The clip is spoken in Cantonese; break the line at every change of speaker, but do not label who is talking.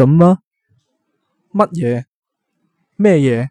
怎啊？乜嘢？咩嘢？